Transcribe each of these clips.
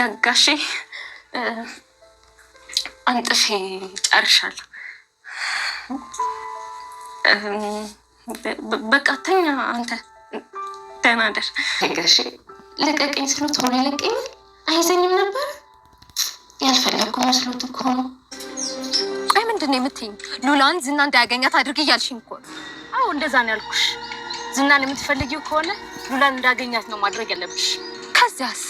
ተረጋጋሽ። አንጥፌ ጨርሻለሁ። በቃ ተኛ አንተ ደህና ደር ጋሽ። ለቀቀኝ ስሎት ሆኖ ይለቀኝ አይዘኝም ነበር ያልፈለግኩ መስሎት እኮ ነው። ቆይ ምንድን ነው የምትይኝ? ሉላን ዝና እንዳያገኛት አድርግ እያልሽኝ እኮ ነው። አዎ እንደዛ ነው ያልኩሽ። ዝናን የምትፈልጊው ከሆነ ሉላን እንዳያገኛት ነው ማድረግ ያለብሽ። ከዚያስ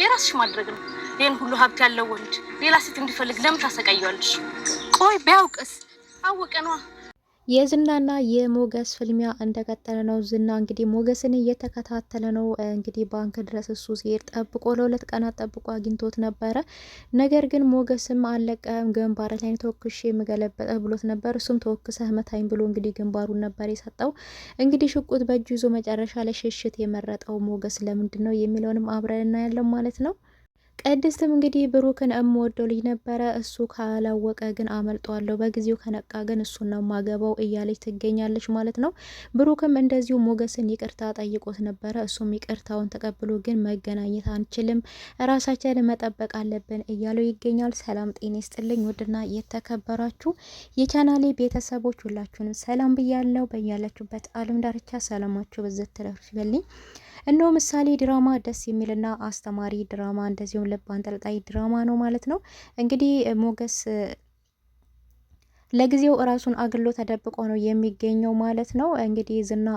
የራስሽ ማድረግ ነው። ይህን ሁሉ ሀብት ያለው ወንድ ሌላ ሴት እንዲፈልግ ለምን ታሰቃየዋለሽ? ቆይ ቢያውቅስ? አወቀ ነዋ የዝናና የሞገስ ፍልሚያ እንደቀጠለ ነው። ዝና እንግዲህ ሞገስን እየተከታተለ ነው። እንግዲህ ባንክ ድረስ እሱ ሲሄድ ጠብቆ ለሁለት ቀናት ጠብቆ አግኝቶት ነበረ። ነገር ግን ሞገስም አለቀም፣ ግንባር ላይ ተወክሽ የምገለበጠ ብሎት ነበር። እሱም ተወክሰህ መታኝ ብሎ እንግዲህ ግንባሩን ነበር የሰጠው። እንግዲህ ሽቁት በእጁ ይዞ መጨረሻ ላይ ሽሽት የመረጠው ሞገስ ለምንድን ነው የሚለውንም አብረን እናያለን ማለት ነው። ቅድስትም እንግዲህ ብሩክን እምወደው ልጅ ነበረ፣ እሱ ካላወቀ ግን አመልጠዋለሁ፣ በጊዜው ከነቃ ግን እሱን ነው ማገባው እያለች ትገኛለች ማለት ነው። ብሩክም እንደዚሁ ሞገስን ይቅርታ ጠይቆት ነበረ፣ እሱም ይቅርታውን ተቀብሎ ግን መገናኘት አንችልም፣ ራሳችንን መጠበቅ አለብን እያለው ይገኛል። ሰላም ጤና ይስጥልኝ ውድና የተከበራችሁ የቻናሌ ቤተሰቦች ሁላችሁንም ሰላም ብያለው። በያላችሁበት አለም ዳርቻ ሰላማችሁ በዘት ትረፍ ይበልኝ። እነሆ ምሳሌ ድራማ ደስ የሚልና አስተማሪ ድራማ እንደዚሁም ልብ አንጠልጣይ ድራማ ነው ማለት ነው። እንግዲህ ሞገስ ለጊዜው እራሱን አግሎ ተደብቆ ነው የሚገኘው ማለት ነው። እንግዲህ ዝና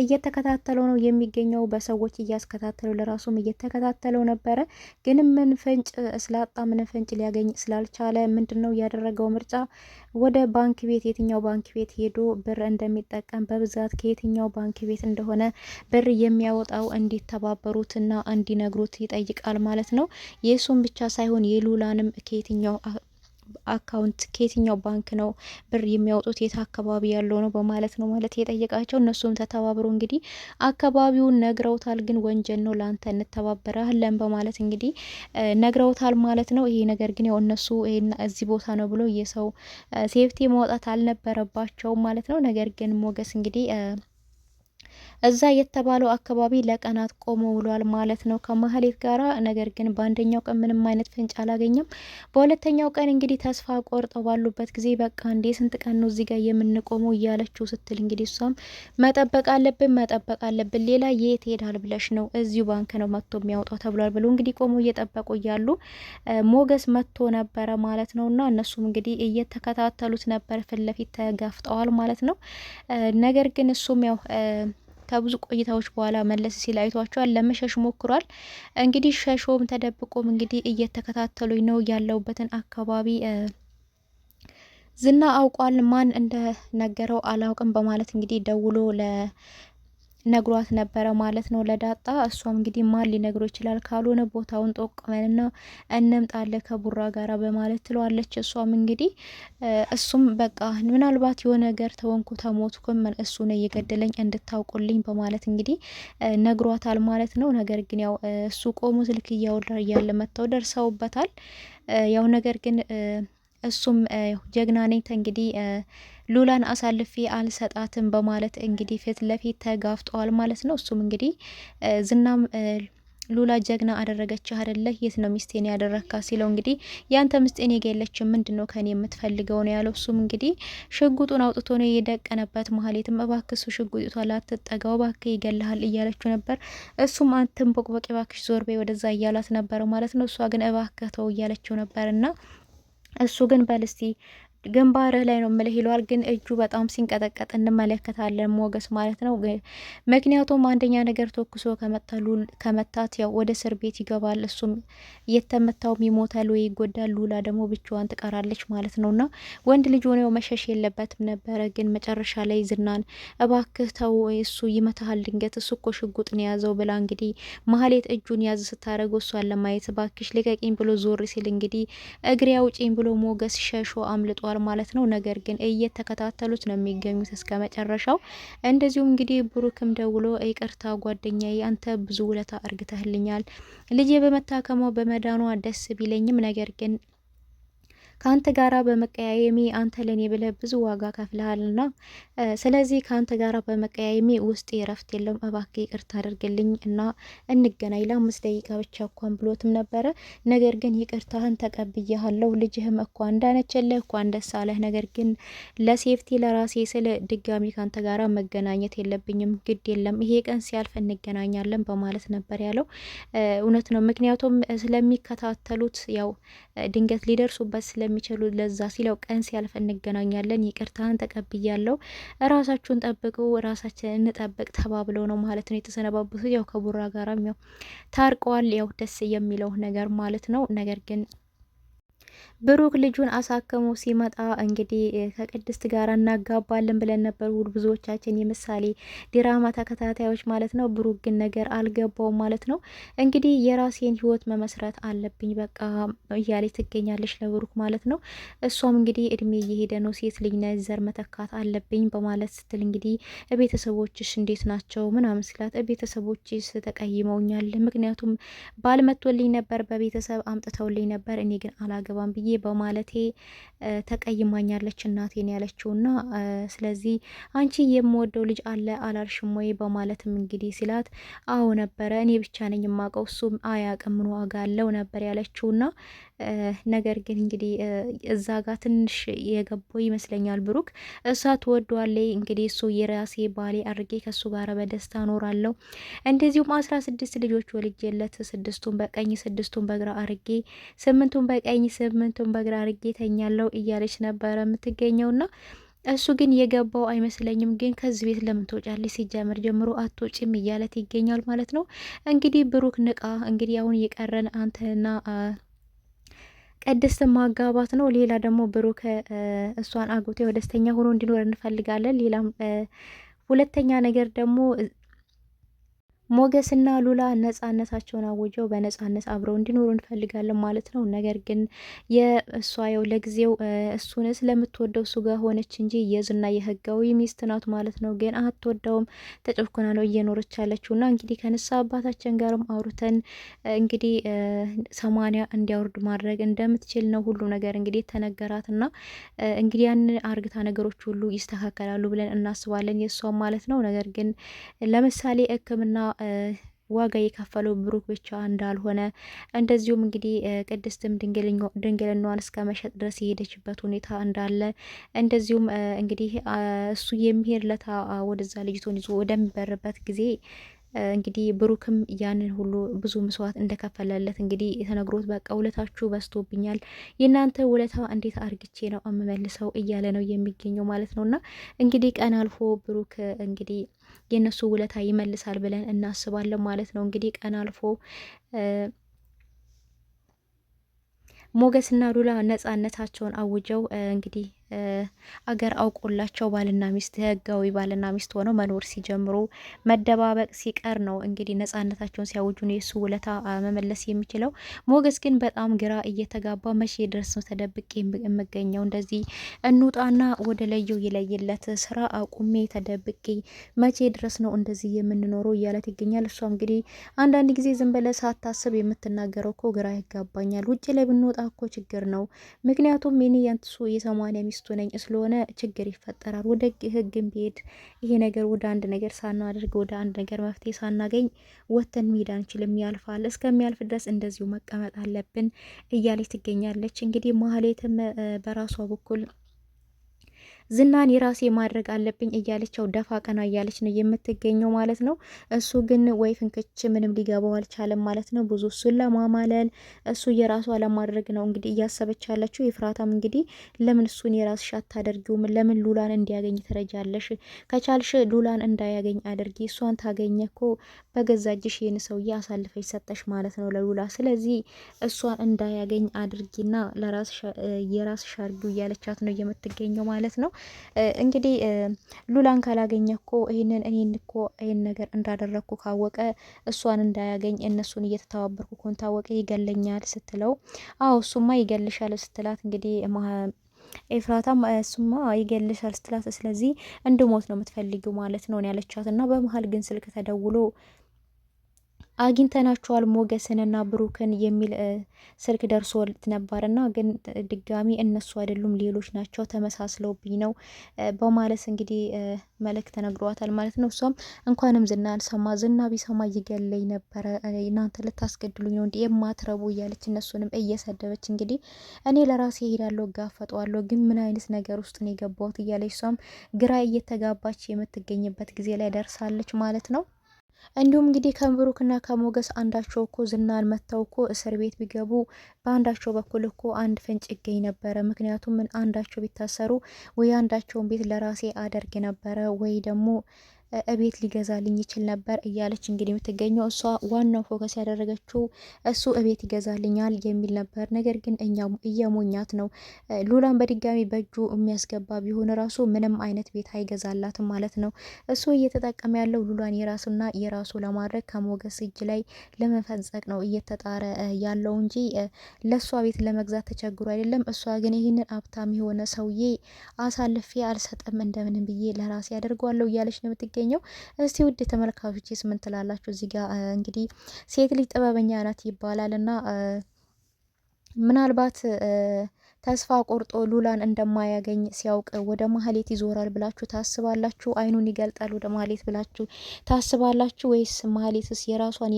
እየተከታተለው ነው የሚገኘው። በሰዎች እያስከታተለው ለራሱም እየተከታተለው ነበረ። ግን ምን ፍንጭ ስላጣ ምን ፍንጭ ሊያገኝ ስላልቻለ ምንድን ነው ያደረገው ምርጫ ወደ ባንክ ቤት የትኛው ባንክ ቤት ሄዶ ብር እንደሚጠቀም በብዛት ከየትኛው ባንክ ቤት እንደሆነ ብር የሚያወጣው እንዲተባበሩትና እንዲነግሩት ይጠይቃል ማለት ነው። የእሱም ብቻ ሳይሆን የሉላንም ከየትኛው አካውንት ከየትኛው ባንክ ነው ብር የሚያወጡት የት አካባቢ ያለው ነው በማለት ነው ማለት የጠየቃቸው። እነሱም ተተባብሮ እንግዲህ አካባቢውን ነግረውታል። ግን ወንጀል ነው ለአንተ እንተባበራለን በማለት እንግዲህ ነግረውታል ማለት ነው። ይሄ ነገር ግን ያው እነሱ እዚህ ቦታ ነው ብሎ የሰው ሴፍቲ ማውጣት አልነበረባቸውም ማለት ነው። ነገር ግን ሞገስ እንግዲህ እዛ የተባለው አካባቢ ለቀናት ቆሞ ውሏል ማለት ነው ከማህሌት ጋራ። ነገር ግን በአንደኛው ቀን ምንም አይነት ፍንጭ አላገኘም። በሁለተኛው ቀን እንግዲህ ተስፋ ቆርጠው ባሉበት ጊዜ በቃ እንዴ ስንት ቀን ነው እዚህ ጋር የምንቆመው እያለችው ስትል እንግዲህ እሷም መጠበቅ አለብን መጠበቅ አለብን፣ ሌላ የት ሄዳል ብለሽ ነው? እዚሁ ባንክ ነው መጥቶ የሚያወጣው ተብሏል ብሎ እንግዲህ ቆሞ እየጠበቁ እያሉ ሞገስ መጥቶ ነበረ ማለት ነው እና እነሱም እንግዲህ እየተከታተሉት ነበር። ፊት ለፊት ተጋፍጠዋል ማለት ነው። ነገር ግን እሱም ያው ከብዙ ቆይታዎች በኋላ መለስ ሲል አይቷቸዋል። ለመሸሽ ሞክሯል። እንግዲህ ሸሾም ተደብቆም እንግዲህ እየተከታተሉኝ ነው ያለውበትን አካባቢ ዝና አውቋል። ማን እንደነገረው አላውቅም በማለት እንግዲህ ደውሎ ነግሯት ነበረ ማለት ነው ለዳጣ። እሷም እንግዲህ ማን ሊነግሮ ይችላል ካልሆነ ቦታውን ጠቁመንና እንምጣለ ከቡራ ጋራ በማለት ትለዋለች። እሷም እንግዲህ እሱም በቃ ምናልባት የሆነ ነገር ተወንኩ ተሞትኩም እሱ ነው እየገደለኝ እንድታውቁልኝ በማለት እንግዲህ ነግሯታል ማለት ነው። ነገር ግን ያው እሱ ቆሞ ስልክ እያወራ እያለ መጥተው ደርሰውበታል። ያው ነገር ግን እሱም ጀግና ነኝ እንግዲህ ሉላን አሳልፌ አልሰጣትም በማለት እንግዲህ ፊት ለፊት ተጋፍጠዋል ማለት ነው። እሱም እንግዲህ ዝናም ሉላ ጀግና አደረገች አይደለ? የት ነው ሚስቴን ያደረካ ሲለው እንግዲህ ያንተ ምስጤን የገለች ምንድን ነው ከኔ የምትፈልገው ነው ያለው። እሱም እንግዲህ ሽጉጡን አውጥቶ ነው የደቀነበት። መሀሌትም እባክሱ ሽጉጡቷ ላትጠጋው እባክህ ይገልሃል እያለችው ነበር። እሱም አንተም ቦቅቦቅ እባክሽ ዞር በይ ወደዛ እያላት ነበር ማለት ነው። እሷ ግን እባክህ ተው እያለችው ነበር እና እሱ ግን በልስቲ ግንባርህ ላይ ነው የምልህ ይለዋል። ግን እጁ በጣም ሲንቀጠቀጥ እንመለከታለን ሞገስ ማለት ነው። ምክንያቱም አንደኛ ነገር ተኩሶ ከመታት ያው ወደ እስር ቤት ይገባል። እሱም የተመታውም ይሞታል ወይ ይጎዳል። ሉላ ደግሞ ብቻዋን ትቀራለች ማለት ነው። እና ወንድ ልጅ ሆነው መሸሽ የለበትም ነበረ። ግን መጨረሻ ላይ ዝናን እባክህ ተው፣ እሱ ይመታሃል ድንገት፣ እሱ እኮ ሽጉጥ ነው የያዘው ብላ እንግዲህ መሀሌት እጁን ያዝ ስታደርገው እሷን ለማየት እባክሽ ልቀቂኝ ብሎ ዞር ሲል እንግዲህ እግሬ አውጪኝ ብሎ ሞገስ ሸሾ አምልጦ ተገልጿል ማለት ነው። ነገር ግን እየተከታተሉት ነው የሚገኙት እስከ መጨረሻው። እንደዚሁም እንግዲህ ብሩክም ደውሎ ይቅርታ ጓደኛዬ፣ አንተ ብዙ ውለታ እርግተህልኛል። ልጄ በመታከሟ በመዳኗ ደስ ቢለኝም ነገር ግን ከአንተ ጋራ በመቀያየሜ አንተ ለኔ ብለህ ብዙ ዋጋ ከፍለሃልና ስለዚህ ከአንተ ጋራ በመቀያየሜ ውስጥ እረፍት የለውም። እባክህ ይቅርታ አድርግልኝ እና እንገናኝ ለአምስት ደቂቃ ብቻ እንኳን ብሎትም ነበረ። ነገር ግን ይቅርታህን ተቀብያሃለሁ። ልጅህም እኳ እንዳነችልህ እኳ እንደስ አለህ። ነገር ግን ለሴፍቲ ለራሴ ስል ድጋሚ ከአንተ ጋራ መገናኘት የለብኝም። ግድ የለም ይሄ ቀን ሲያልፍ እንገናኛለን በማለት ነበር ያለው። እውነት ነው። ምክንያቱም ስለሚከታተሉት ያው ድንገት ሊደርሱበት ስለ ስለሚችሉ ለዛ ሲለው ቀን ሲያልፍ እንገናኛለን፣ ይቅርታን ተቀብያለሁ፣ ራሳችሁን ጠብቁ፣ ራሳችን እንጠብቅ ተባብለው ነው ማለት ነው የተሰነባበቱት። ያው ከቡራ ጋራም ያው ታርቀዋል። ያው ደስ የሚለው ነገር ማለት ነው ነገር ግን ብሩክ ልጁን አሳክሞ ሲመጣ እንግዲህ ከቅድስት ጋር እናጋባለን ብለን ነበር ውድ ብዙዎቻችን የምሳሌ ድራማ ተከታታዮች ማለት ነው። ብሩክ ግን ነገር አልገባውም ማለት ነው። እንግዲህ የራሴን ህይወት መመስረት አለብኝ በቃ እያለች ትገኛለች ለብሩክ ማለት ነው። እሷም እንግዲህ እድሜ እየሄደ ነው፣ ሴት ልጅ ነች፣ ዘር መተካት አለብኝ በማለት ስትል እንግዲህ ቤተሰቦችሽ እንዴት ናቸው ምናምን ስላት ቤተሰቦችስ ተቀይመውኛል፣ ምክንያቱም ባል ነበር፣ በቤተሰብ አምጥተውልኝ ነበር፣ እኔ ግን አላገባም አልገባም ብዬ በማለቴ ተቀይማኛለች እናቴን ያለችው ስለዚህ አንቺ የምወደው ልጅ አለ አላልሽም ወይ በማለትም እንግዲህ ሲላት አዎ ነበረ እኔ ብቻ ነኝ የማውቀው እሱም አያውቅም ምን ዋጋ አለው ነበር ያለችውና ነገር ግን እንግዲህ እዛ ጋር ትንሽ የገባው ይመስለኛል ብሩክ። እሷ ትወደዋለች እንግዲህ እሱ የራሴ ባሌ አድርጌ ከእሱ ጋር በደስታ እኖራለሁ፣ እንደዚሁም አስራ ስድስት ልጆች ወልጄለት ስድስቱን በቀኝ ስድስቱን በግራ አድርጌ ስምንቱን በቀኝ ስምንቱን በግራ አድርጌ ተኛለው እያለች ነበረ የምትገኘው ና እሱ ግን የገባው አይመስለኝም። ግን ከዚህ ቤት ለምን ትወጫለች? ሲጀምር ጀምሮ አትወጪም እያለት ይገኛል ማለት ነው። እንግዲህ ብሩክ ንቃ። እንግዲህ አሁን የቀረን አንተና ቀድስት ማጋባት ነው። ሌላ ደግሞ ብሩክ እሷን አግብቶ ደስተኛ ሆኖ እንዲኖር እንፈልጋለን። ሌላም ሁለተኛ ነገር ደግሞ ሞገስና ሉላ ነጻነታቸውን አውጀው በነጻነት አብረው እንዲኖሩ እንፈልጋለን ማለት ነው። ነገር ግን የእሷ የው ለጊዜው እሱን ስለምትወደው እሱ ጋር ሆነች እንጂ የዝና የህጋዊ ሚስት ናት ማለት ነው። ግን አትወደውም፣ ተጨፍኮና ነው እየኖረች ያለችው። እና እንግዲህ ከንሳ አባታችን ጋርም አውርተን እንግዲህ ሰማንያ እንዲያወርድ ማድረግ እንደምትችል ነው ሁሉ ነገር እንግዲህ ተነገራት። እና እንግዲህ ያን አርግታ ነገሮች ሁሉ ይስተካከላሉ ብለን እናስባለን የእሷም ማለት ነው። ነገር ግን ለምሳሌ ህክምና ዋጋ የከፈለው ብሩክ ብቻ እንዳልሆነ እንደዚሁም እንግዲህ ቅድስትም ድንግልናዋን እስከ መሸጥ ድረስ የሄደችበት ሁኔታ እንዳለ እንደዚሁም እንግዲህ እሱ የሚሄድ ለታ ወደዛ ልጅቶን ይዞ ወደሚበርበት ጊዜ እንግዲህ ብሩክም ያንን ሁሉ ብዙ መስዋዕት እንደከፈለለት እንግዲህ የተነግሮት በቃ ውለታችሁ በስቶብኛል፣ የእናንተ ውለታ እንዴት አርግቼ ነው የምመልሰው እያለ ነው የሚገኘው ማለት ነው። እና እንግዲህ ቀን አልፎ ብሩክ እንግዲህ የእነሱ ውለታ ይመልሳል ብለን እናስባለን ማለት ነው። እንግዲህ ቀን አልፎ ሞገስና ሉላ ነጻነታቸውን አውጀው እንግዲህ አገር አውቆላቸው ባልና ሚስት ህጋዊ ባልና ሚስት ሆነው መኖር ሲጀምሩ መደባበቅ ሲቀር ነው እንግዲህ ነጻነታቸውን ሲያውጁ ነው የእሱ ውለታ መመለስ የሚችለው። ሞገስ ግን በጣም ግራ እየተጋባ መቼ ድረስ ነው ተደብቄ የምገኘው? እንደዚህ እንውጣና ወደ ለየው ይለይለት ስራ አቁሜ ተደብቄ መቼ ድረስ ነው እንደዚህ የምንኖረው እያለት ይገኛል። እሷ እንግዲህ አንዳንድ ጊዜ ዝም ሳታስብ የምትናገረው እኮ ግራ ይጋባኛል። ውጭ ላይ ብንወጣ እኮ ችግር ነው። ምክንያቱም ኔ ያንትሱ የሰማንያ ሚስት ሚስቱ ነኝ ስለሆነ ችግር ይፈጠራል። ወደ ህግ ቢሄድ ይሄ ነገር ወደ አንድ ነገር ሳናደርግ ወደ አንድ ነገር መፍትሄ ሳናገኝ ወተን መሄድ አንችልም። ያልፋል። እስከሚያልፍ ድረስ እንደዚሁ መቀመጥ አለብን እያለች ትገኛለች። እንግዲህ ማህሌትም በራሷ በኩል ዝናን የራሴ ማድረግ አለብኝ እያለቸው ደፋ ቀና እያለች ነው የምትገኘው ማለት ነው። እሱ ግን ወይ ፍንክች ምንም ሊገባው አልቻለም ማለት ነው። ብዙ እሱን ለማማለል እሱ የራሷ ለማድረግ ነው እንግዲህ እያሰበች ያለችው። የፍራታም እንግዲህ ለምን እሱን የራስሽ አታደርጊውም? ለምን ሉላን እንዲያገኝ ትረጃለሽ? ከቻልሽ ሉላን እንዳያገኝ አድርጊ። እሷን ታገኘ እኮ በገዛ እጅሽ ይህን ሰውዬ አሳልፈሽ ሰጠሽ ማለት ነው ለሉላ። ስለዚህ እሷን እንዳያገኝ አድርጊና የራስ የራስሽ አድርጊው እያለቻት ነው የምትገኘው ማለት ነው። እንግዲህ ሉላን ካላገኘ እኮ ይህንን እኔን እኮ ይህን ነገር እንዳደረግኩ ካወቀ እሷን እንዳያገኝ እነሱን እየተተባበርኩ ኮን ታወቀ ይገለኛል ስትለው፣ አዎ እሱማ ይገልሻል ስትላት እንግዲህ ኤፍራታም እሱማ ይገልሻል ስትላት፣ ስለዚህ እንድሞት ነው የምትፈልጊው ማለት ነው ያለቻት እና በመሀል ግን ስልክ ተደውሎ አግኝተናቸዋል ሞገስንና ብሩክን የሚል ስልክ ደርሶት ነበርና ግን ድጋሚ እነሱ አይደሉም ሌሎች ናቸው ተመሳስለውብኝ ነው በማለት እንግዲህ መልእክት ተነግሯታል ማለት ነው። እሷም እንኳንም ዝና ያልሰማ ዝና ቢሰማ እየገለኝ ነበረ፣ እናንተ ልታስገድሉኝ ነው እንዲ የማትረቡ እያለች እነሱንም እየሰደበች እንግዲህ እኔ ለራሴ ሄዳለሁ ጋፈጠዋለሁ፣ ግን ምን አይነት ነገር ውስጥ ነው የገባሁት እያለች እሷም ግራ እየተጋባች የምትገኝበት ጊዜ ላይ ደርሳለች ማለት ነው። እንዲሁም እንግዲህ ከብሩክና ከሞገስ አንዳቸው እኮ ዝናን መተው እኮ እስር ቤት ቢገቡ በአንዳቸው በኩል እኮ አንድ ፍንጭ ይገኝ ነበረ። ምክንያቱም አንዳቸው ቢታሰሩ ወይ አንዳቸውን ቤት ለራሴ አደርግ ነበረ ወይ ደግሞ እቤት ሊገዛልኝ ይችል ነበር እያለች እንግዲህ የምትገኘው እሷ ዋናው ፎከስ ያደረገችው እሱ እቤት ይገዛልኛል የሚል ነበር። ነገር ግን እኛ እየሞኛት ነው። ሉላን በድጋሚ በእጁ የሚያስገባ ቢሆን ራሱ ምንም አይነት ቤት አይገዛላትም ማለት ነው። እሱ እየተጠቀመ ያለው ሉላን የራሱና የራሱ ለማድረግ ከሞገስ እጅ ላይ ለመፈንጸቅ ነው እየተጣረ ያለው እንጂ ለእሷ ቤት ለመግዛት ተቸግሮ አይደለም። እሷ ግን ይህንን አብታም የሆነ ሰውዬ አሳልፌ አልሰጥም እንደምንም ብዬ ለራሴ ያደርጓለሁ እያለች ነው የምትገ የሚገኘው። እስቲ ውድ ተመልካቾች ስምን ትላላችሁ? እዚህ ጋር እንግዲህ ሴት ልጅ ጥበበኛ ናት ይባላል እና ምናልባት ተስፋ ቆርጦ ሉላን እንደማያገኝ ሲያውቅ ወደ ማህሌት ይዞራል ብላችሁ ታስባላችሁ? አይኑን ይገልጣል ወደ ማህሌት ብላችሁ ታስባላችሁ? ወይስ ማህሌትስ የራሷን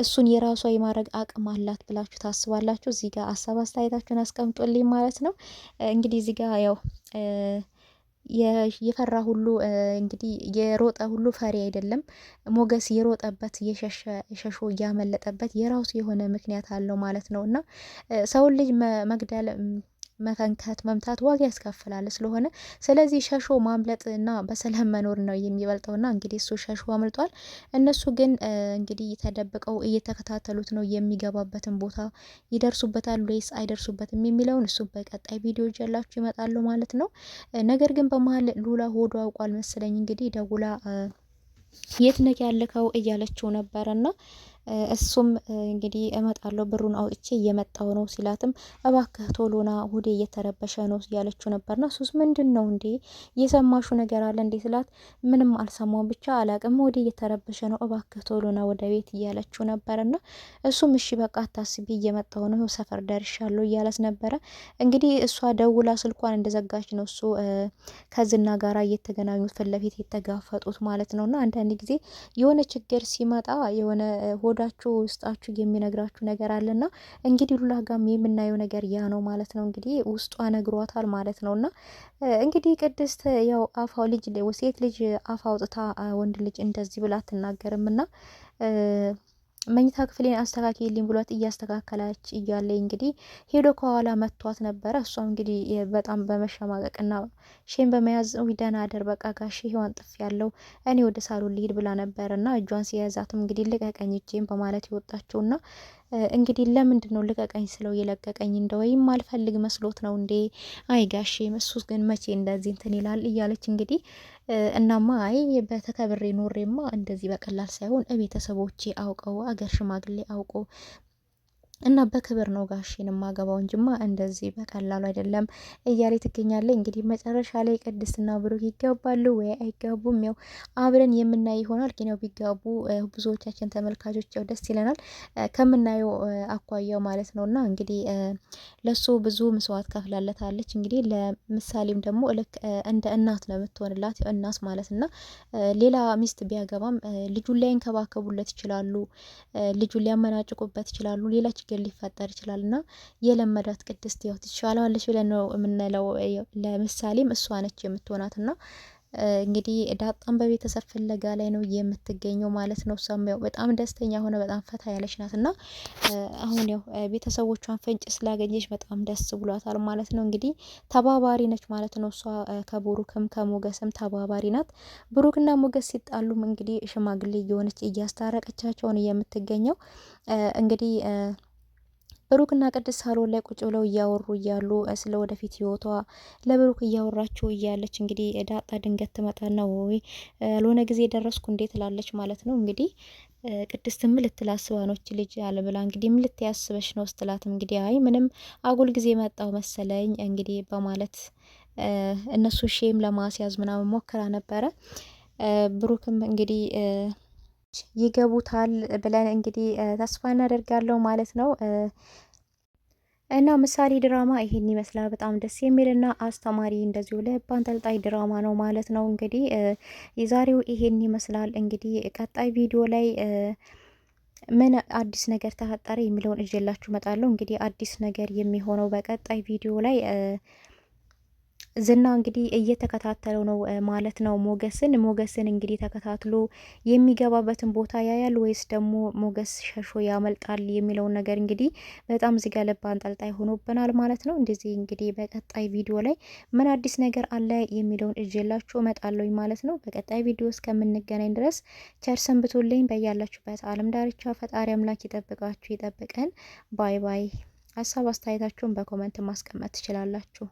እሱን የራሷ የማድረግ አቅም አላት ብላችሁ ታስባላችሁ? እዚህ ጋር ሀሳብ አስተያየታችሁን አስቀምጦልኝ ማለት ነው። እንግዲህ እዚህ ጋር ያው የፈራ ሁሉ እንግዲህ የሮጠ ሁሉ ፈሪ አይደለም። ሞገስ የሮጠበት የሸሾ እያመለጠበት የራሱ የሆነ ምክንያት አለው ማለት ነው እና ሰውን ልጅ መግደል መፈንከት፣ መምታት ዋጋ ያስከፍላል ስለሆነ ስለዚህ ሸሾ ማምለጥ እና በሰላም መኖር ነው የሚበልጠው ና እንግዲህ እሱ ሸሾ አምልጧል። እነሱ ግን እንግዲህ ተደብቀው እየተከታተሉት ነው። የሚገባበትን ቦታ ይደርሱበታል ወይስ አይደርሱበትም የሚለውን እሱ በቀጣይ ቪዲዮ ጀላችሁ ይመጣሉ ማለት ነው። ነገር ግን በመሀል ሉላ ሆዶ አውቋል መሰለኝ እንግዲህ ደውላ የት ነህ ያለከው እያለችው ነበረ ና እሱም እንግዲህ እመጣለሁ ብሩን አውጥቼ እየመጣው ነው ሲላትም እባክህ ቶሎና ሆዴ እየተረበሸ ነው እያለችው ነበርና እሱስ ምንድን ነው እንዴ የሰማሹ ነገር አለ እንዴ ስላት ምንም አልሰማውም ብቻ አላቅም ሆዴ እየተረበሸ ነው እባክህ ቶሎና ወደ ቤት እያለችው ነበርና እሱም እሺ በቃ አታስቢ እየመጣው ነው ሰፈር ደርሻለሁ እያለስ ነበረ እንግዲህ እሷ ደውላ ስልኳን እንደዘጋች ነው እሱ ከዝና ጋራ እየተገናኙት ፊት ለፊት የተጋፈጡት ማለት ነውና አንዳንድ ጊዜ የሆነ ችግር ሲመጣ የሆነ ሆዳችሁ ውስጣችሁ የሚነግራችሁ ነገር አለና እንግዲህ ሉላ ጋም የምናየው ነገር ያ ነው ማለት ነው። እንግዲህ ውስጧ ነግሯታል ማለት ነውና እንግዲህ ቅድስት ያው አፋው ልጅ ሴት ልጅ አፋ አውጥታ ወንድ ልጅ እንደዚህ ብላ እና መኝታ ክፍሌን አስተካክልኝ ብሏት እያስተካከላች እያለ እንግዲህ ሄዶ ከኋላ መቷት ነበረ። እሷም እንግዲህ በጣም በመሸማቀቅና ሼን በመያዝ ደህና አደር በቃ ጋሽ ህዋን ጥፍ ያለው እኔ ወደ ሳሎን ልሂድ ብላ ነበረና እጇን ሲያዛትም እንግዲህ ልቀቀኝ እጄን በማለት የወጣችውና እንግዲህ ለምንድን ነው ልቀቀኝ ስለው የለቀቀኝ እንደ ወይም አልፈልግ መስሎት ነው እንዴ? አይ ጋሼ እሱስ ግን መቼ እንደዚህ እንትን ይላል እያለች እንግዲህ እናማ አይ በተከብሬ ኖሬማ እንደዚህ በቀላል ሳይሆን ቤተሰቦቼ አውቀው አገር ሽማግሌ አውቀው እና በክብር ነው ጋሽን ማገባውን እንጂማ እንደዚህ በቀላሉ አይደለም እያለ ትገኛለ። እንግዲህ መጨረሻ ላይ ቅድስትና ብሩክ ይገባሉ ወይ አይገቡም ያው አብረን የምናይ ይሆናል። ግን ያው ቢጋቡ ብዙዎቻችን ተመልካቾች ያው ደስ ይለናል ከምናየው አኳያው ማለት ነው። እና እንግዲህ ለሱ ብዙ ምስዋዕት ከፍላለታለች። እንግዲህ ለምሳሌም ደግሞ ልክ እንደ እናት ነው የምትሆንላት እናት ማለት እና ሌላ ሚስት ቢያገባም ልጁን ሊያንከባከቡለት ይችላሉ፣ ልጁን ሊያመናጭቁበት ይችላሉ። ሌላ ችግር ሊፈጠር ይችላል እና የለመዳት ቅድስት ያው ትሻለዋለች ብለን ነው የምንለው። ለምሳሌም እሷ ነች የምትሆናት እና እንግዲህ ዳጣም በቤተሰብ ፍለጋ ላይ ነው የምትገኘው ማለት ነው። እሷም ያው በጣም ደስተኛ ሆነ በጣም ፈታ ያለች ናት እና አሁን ያው ቤተሰቦቿን ፍንጭ ስላገኘች በጣም ደስ ብሏታል ማለት ነው። እንግዲህ ተባባሪ ነች ማለት ነው። እሷ ከብሩክም ከሞገስም ተባባሪ ናት። ብሩክና ሞገስ ሲጣሉም እንግዲህ ሽማግሌ እየሆነች እያስታረቀቻቸውን የምትገኘው እንግዲህ ብሩክና ቅድስት ሳሎን ላይ ቁጭ ብለው እያወሩ እያሉ ስለ ወደፊት ህይወቷ ለብሩክ እያወራችው እያለች እንግዲህ ዳጣ ድንገት ትመጣና ወይ ያልሆነ ጊዜ ደረስኩ እንዴ ትላለች ማለት ነው። እንግዲህ ቅድስት ምን ልትል ነች ልጅ አለ ብላ እንግዲህ ምን ልትያስበሽ ነው ስትላት እንግዲህ አይ ምንም አጉል ጊዜ መጣው መሰለኝ እንግዲህ በማለት እነሱ ሼም ለማስያዝ ምናምን ሞክራ ነበረ። ብሩክም እንግዲህ ይገቡታል ብለን እንግዲህ ተስፋ እናደርጋለሁ ማለት ነው። እና ምሳሌ ድራማ ይሄን ይመስላል። በጣም ደስ የሚልና አስተማሪ እንደዚሁ ልብ አንጠልጣይ ድራማ ነው ማለት ነው። እንግዲህ የዛሬው ይሄን ይመስላል። እንግዲህ ቀጣይ ቪዲዮ ላይ ምን አዲስ ነገር ተፈጠረ የሚለውን እጀላችሁ እመጣለሁ። እንግዲህ አዲስ ነገር የሚሆነው በቀጣይ ቪዲዮ ላይ ዝና እንግዲህ እየተከታተለው ነው ማለት ነው ሞገስን። ሞገስን እንግዲህ ተከታትሎ የሚገባበትን ቦታ ያያል ወይስ ደግሞ ሞገስ ሸሾ ያመልጣል የሚለውን ነገር እንግዲህ በጣም እዚህ ልብ አንጠልጣይ ሆኖብናል ማለት ነው። እንደዚህ እንግዲህ በቀጣይ ቪዲዮ ላይ ምን አዲስ ነገር አለ የሚለውን እጅላችሁ እመጣለሁ ማለት ነው። በቀጣይ ቪዲዮ እስከምንገናኝ ድረስ ቸር ሰንብቱልኝ። በያላችሁበት አለም ዳርቻ ፈጣሪ አምላክ ይጠብቃችሁ፣ ይጠብቀን። ባይ ባይ። ሀሳብ አስተያየታችሁን በኮመንት ማስቀመጥ ትችላላችሁ።